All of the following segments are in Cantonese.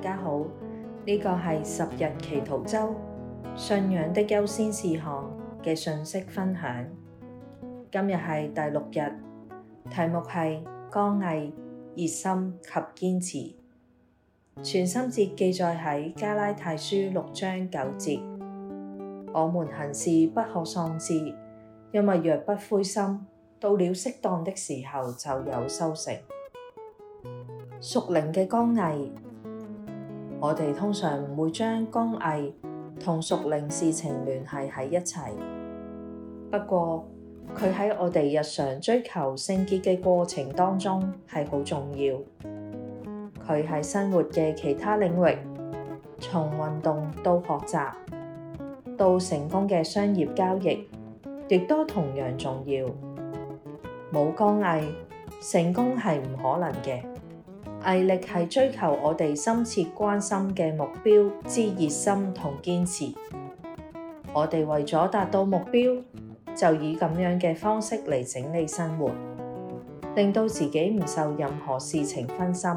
大家好，呢、這個係十日祈禱周信仰的優先事項嘅信息分享。今日係第六日，題目係剛毅、熱心及堅持。全心節記載喺加拉太書六章九節。我們行事不可喪志，因為若不灰心，到了適當的時候就有收成。屬靈嘅剛毅。我哋通常唔會將剛毅同屬靈事情聯繫喺一齊，不過佢喺我哋日常追求聖潔嘅過程當中係好重要。佢喺生活嘅其他領域，從運動到學習到成功嘅商業交易，亦都同樣重要。冇剛毅，成功係唔可能嘅。毅力係追求我哋深切關心嘅目標之熱心同堅持。我哋為咗達到目標，就以咁樣嘅方式嚟整理生活，令到自己唔受任何事情分心。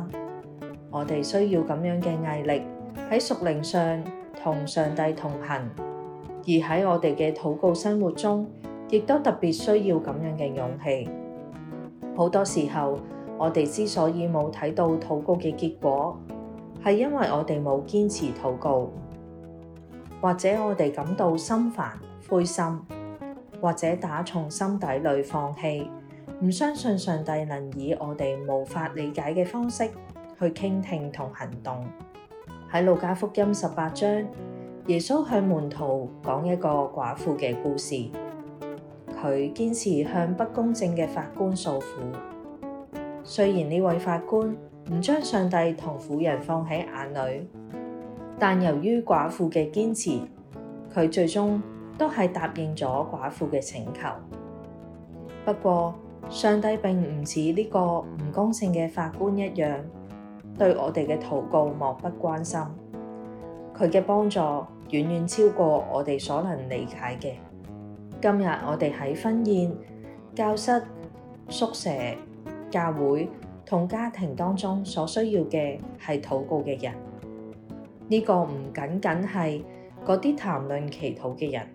我哋需要咁樣嘅毅力喺屬靈上同上帝同行，而喺我哋嘅禱告生活中，亦都特別需要咁樣嘅勇氣。好多時候，我哋之所以冇睇到禱告嘅結果，係因為我哋冇堅持禱告，或者我哋感到心煩灰心，或者打從心底裏放棄，唔相信上帝能以我哋無法理解嘅方式去傾聽同行動。喺路加福音十八章，耶穌向門徒講一個寡婦嘅故事，佢堅持向不公正嘅法官訴苦。雖然呢位法官唔將上帝同婦人放喺眼裏，但由於寡婦嘅堅持，佢最終都係答應咗寡婦嘅請求。不過，上帝並唔似呢個唔公正嘅法官一樣，對我哋嘅禱告漠不關心。佢嘅幫助遠遠超過我哋所能理解嘅。今日我哋喺婚宴、教室、宿舍。教會同家庭當中所需要嘅係禱告嘅人，呢個唔僅僅係嗰啲談論祈禱嘅人，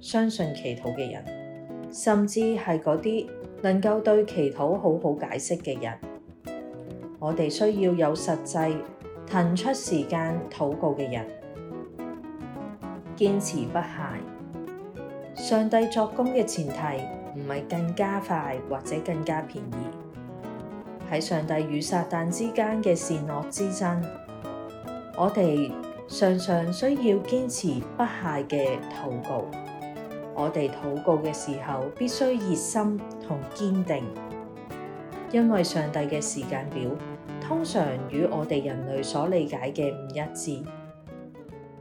相信祈禱嘅人，甚至係嗰啲能夠對祈禱好好解釋嘅人。我哋需要有實際騰出時間禱告嘅人，堅持不懈，上帝作工嘅前提。唔係更加快或者更加便宜，喺上帝與撒旦之間嘅善惡之爭，我哋常常需要堅持不懈嘅禱告。我哋禱告嘅時候必須熱心同堅定，因為上帝嘅時間表通常與我哋人類所理解嘅唔一致。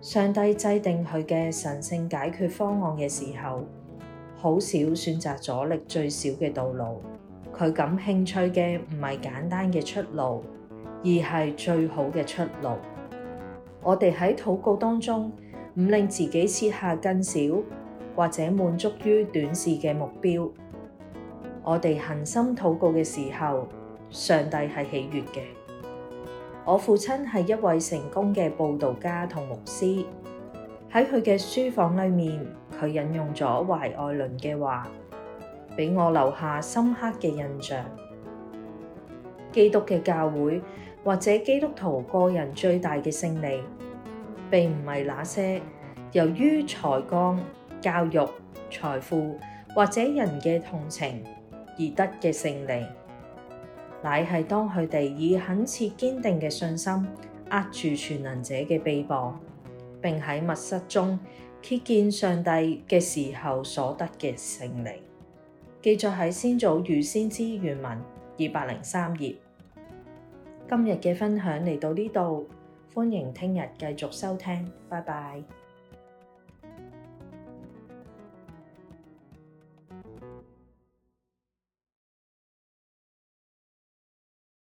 上帝制定佢嘅神聖解決方案嘅時候，好少選擇阻力最少嘅道路，佢感興趣嘅唔係簡單嘅出路，而係最好嘅出路。我哋喺禱告當中唔令自己設下更少，或者滿足於短視嘅目標。我哋恆心禱告嘅時候，上帝係喜悅嘅。我父親係一位成功嘅佈道家同牧師。喺佢嘅書房裏面，佢引用咗懷愛倫嘅話，俾我留下深刻嘅印象。基督嘅教會或者基督徒個人最大嘅勝利，並唔係那些由於才幹、教育、財富或者人嘅同情而得嘅勝利，乃係當佢哋以懇切堅定嘅信心壓住全能者嘅臂膊，並喺密室中揭見上帝嘅時候所得嘅勝利。記載喺先祖與先知原文二百零三頁。今日嘅分享嚟到呢度，歡迎聽日繼續收聽，拜拜。